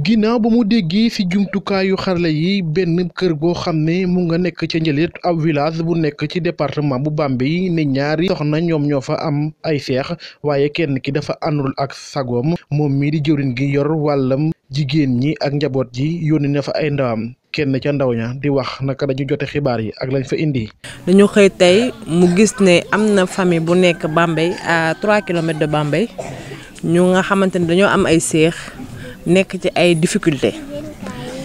ginnaaw ba mu déggee ci jumtukaayu xarale yi benn kër goo xam ne mu nga nekk ca njëleet ab village bu nekk ci département bu Bambey ne ñaari soxna ñoom ñoo fa am ay seex waaye kenn ki dafa àndul ak sagoom moom mii di jëwriñ gi yor wàllam jigéen ñi ak njaboot ji yónni na fa ay ndawam kenn ca ndaw ña di wax naka dañu jote xibaar yi ak lañ fa indi. dañu xëy tey mu gis ne am na famille bu nekk Bambey à 3 kilomètres de Bambey ñu nga xamante dañoo am ay seex. nekk ci ay difficulté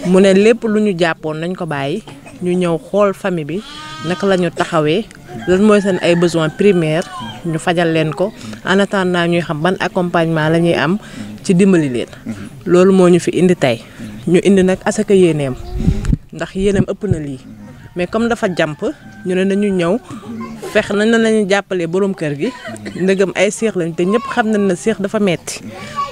mu ne lépp lu ñu jàppoon nañ ko bàyyi ñu ñëw xool famille bi naka la ñu taxawee lan mooy seen ay besoins primaires ñu fajal leen ko en naa ñuy xam ban accompagnement la ñuy am ci dimbali leen. loolu moo ñu fi indi tey ñu indi nag asaka yéeneem ndax yéeneem ëpp na lii mais comme dafa jàmp ñu ne nañu ñëw fex nañ la nañu jàppalee boroom kër gi ndëgam ay seex lañ te ñëpp xam nañ ne seex dafa metti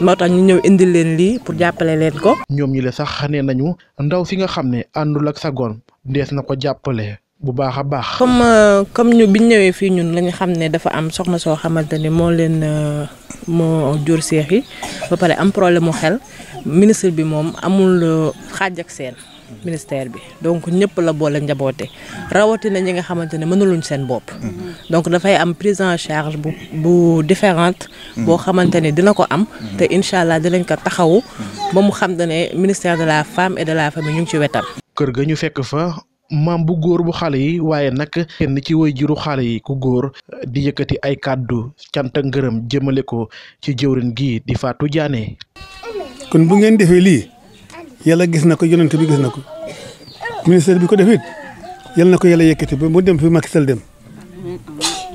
moo tax ñu ñëw indil leen lii pour jàppale leen ko. ñoom ñi la sax nee nañu ndaw si nga xam ne àndul ak sa goon dees na ko jàppale. bu baax a baax. comme euh, comme ñu biñ ñëwee fii ñun lañu xam ne dafa am soxna soo xamante ni moo leen euh, moo jur seex yi ba pare am problème mu xel ministre bi moom amul euh, xaaj ak seen ministère bi donc ñëpp la boole njaboote rawatina ñi nga xamante ne mënuluñ seen bopp. Mm-hmm. donc dafay am prise en charge bu bu différente mm-hmm. boo xamante ne dina ko am. Mm-hmm. te incha allah dinañ ko taxawu. ba mu xam ne ministère de la femme et de la famille ñu ngi ci wetam. kër ga ñu fekk fa. maam bu góor bu xale yi waaye nag kenn ci woy juru xale yi ku góor di yëkkati ay kàddu cant ak ngërëm jëmale ko ci jëwrin gii di Fatou Diané. kon bu ngeen defee lii yàlla gis na ko yonent bi gis na ko ministère bi ko defit yàlla na ko yàlla yëkkati ba mu dem fi Macky Sall dem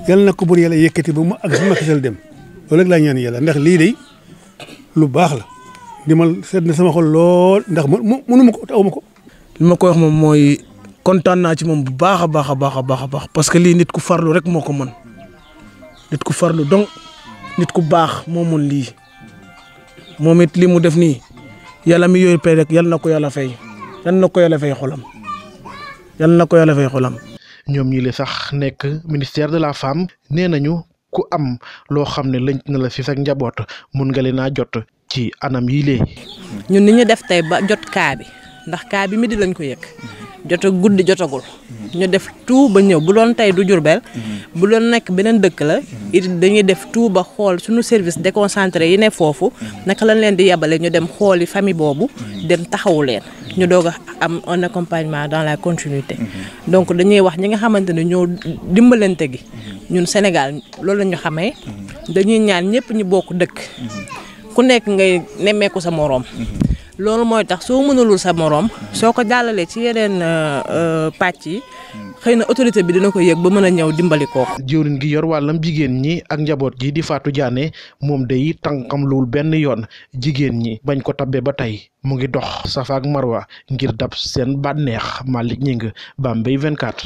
yàlla na ko bur yàlla yëkkati bu mu ak fi Macky dem loolu rek laa ñaan yàlla ndax lii de lu baax la di ma seet na sama xol lool ndax mënu ma ko aw ma ko. li ma ko wax moom mooy. kontaan naa ci moom bu baax a baax a baax a baax parce que lii nit ku farlu rek moo ko mën nit ku farlu donc nit ku baax moom mën lii moom it li mu def nii yàlla mi yooyu pay rek yal na ko yàlla fay yal na ko yàlla fay xolam na ko yàlla ñoom ñi li sax nekk ministère de la femme nee nañu ku am loo xam ne lëñ na la si sax njaboot mun nga leen a jot ci anam yii lee. ñun ñu def tey ba jot kaa ndax kaa bi midi lañ ko yëg jota guddi jotagul ñu def tout ba ñëw bu doon tey du Jurbel bu doon nekk beneen dëkk la it dañuy def tout ba xool suñu service déconcentré yi ne foofu naka lañ leen di yebale ñu dem xooli famille boobu dem taxawu leen ñu doog a am un accompagnement dans la continuité donc dañuy wax ñi nga xamante ne ñoo dimbalante gi ñun Sénégal loolu la ñu xamee dañuy ñaan ñëpp ñu bokk dëkk ku nekk ngay nemmeeku sa moroom loolu mooy tax soo mënalul sa moroom soo ko jàllalee ci yeneen euh, euh, pàcc yi xëy na autorité bi dina ko yëg ba mën a ñëw dimbali kooku. jëwriñ gi yor wàllam jigéen ñi ak njaboot gi di faatu Diané moom day tànkam luwul benn yoon jigéen ñi bañ ko tabbee ba tey mu ngi dox safa ak marwa ngir dab seen bànneex baam bay vingt 24.